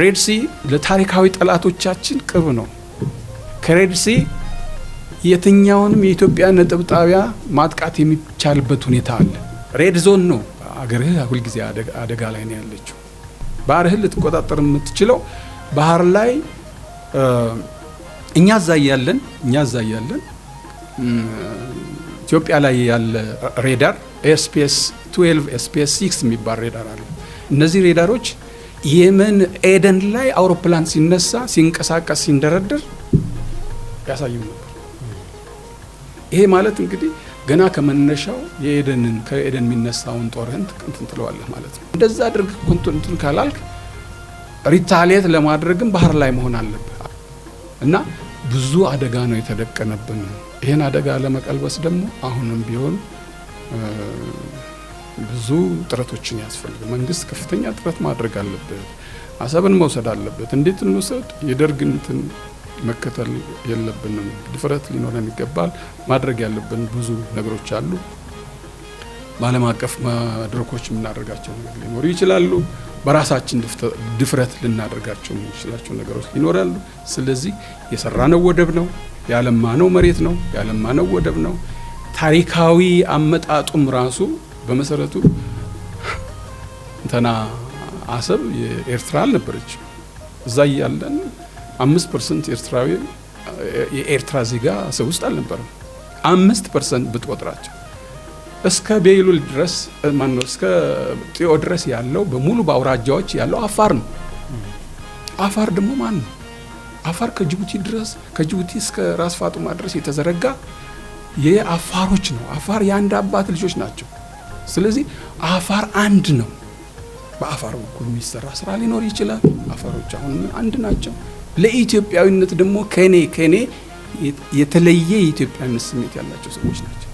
ሬድሲ ለታሪካዊ ጠላቶቻችን ቅርብ ነው። ከሬድሲ የትኛውንም የኢትዮጵያ ነጥብ ጣቢያ ማጥቃት የሚቻልበት ሁኔታ አለ። ሬድ ዞን ነው። አገርህ ሁልጊዜ አደጋ ላይ ነው ያለችው። ባህርህን ልትቆጣጠር የምትችለው ባህር ላይ እኛ እዛ እያለን እኛ እዛ እያለን ኢትዮጵያ ላይ ያለ ሬዳር ኤስፒኤስ 12 ኤስፒኤስ 6 የሚባል ሬዳር አለ። እነዚህ ሬዳሮች የመን ኤደን ላይ አውሮፕላን ሲነሳ ሲንቀሳቀስ ሲንደረድር ያሳዩ ነበር። ይሄ ማለት እንግዲህ ገና ከመነሻው የኤደንን ከኤደን የሚነሳውን ጦርህን እንትን ትለዋለህ ማለት ነው። እንደዛ አድርግ እንትን ካላልክ ሪታሊየት ለማድረግም ባህር ላይ መሆን አለብህ እና ብዙ አደጋ ነው የተደቀነብን። ይህን አደጋ ለመቀልበስ ደግሞ አሁንም ቢሆን ብዙ ጥረቶችን ያስፈልግ። መንግስት ከፍተኛ ጥረት ማድረግ አለበት። አሰብን መውሰድ አለበት። እንዴት እንውሰድ? የደርግንትን መከተል የለብንም። ድፍረት ሊኖረን ይገባል። ማድረግ ያለብን ብዙ ነገሮች አሉ። በዓለም አቀፍ መድረኮች የምናደርጋቸው ነገር ሊኖሩ ይችላሉ። በራሳችን ድፍረት ልናደርጋቸው የምንችላቸው ነገሮች ይኖራሉ። ስለዚህ የሰራነው ወደብ ነው፣ ያለማነው መሬት ነው፣ ያለማነው ወደብ ነው። ታሪካዊ አመጣጡም ራሱ በመሰረቱ እንተና አሰብ የኤርትራ አልነበረች። እዛ እያለን አምስት ፐርሰንት ኤርትራዊ የኤርትራ ዜጋ አሰብ ውስጥ አልነበረም። አምስት ፐርሰንት ብትቆጥራቸው እስከ ቤይሉል ድረስ ማነው እስከ ጢዮ ድረስ ያለው በሙሉ በአውራጃዎች ያለው አፋር ነው። አፋር ደግሞ ማን ነው? አፋር ከጅቡቲ ድረስ ከጅቡቲ እስከ ራስ ፋጡማ ድረስ የተዘረጋ የአፋሮች ነው። አፋር የአንድ አባት ልጆች ናቸው። ስለዚህ አፋር አንድ ነው። በአፋር በኩል የሚሰራ ስራ ሊኖር ይችላል። አፋሮች አሁን አንድ ናቸው። ለኢትዮጵያዊነት ደግሞ ከኔ ከኔ የተለየ የኢትዮጵያዊነት ስሜት ያላቸው ሰዎች ናቸው።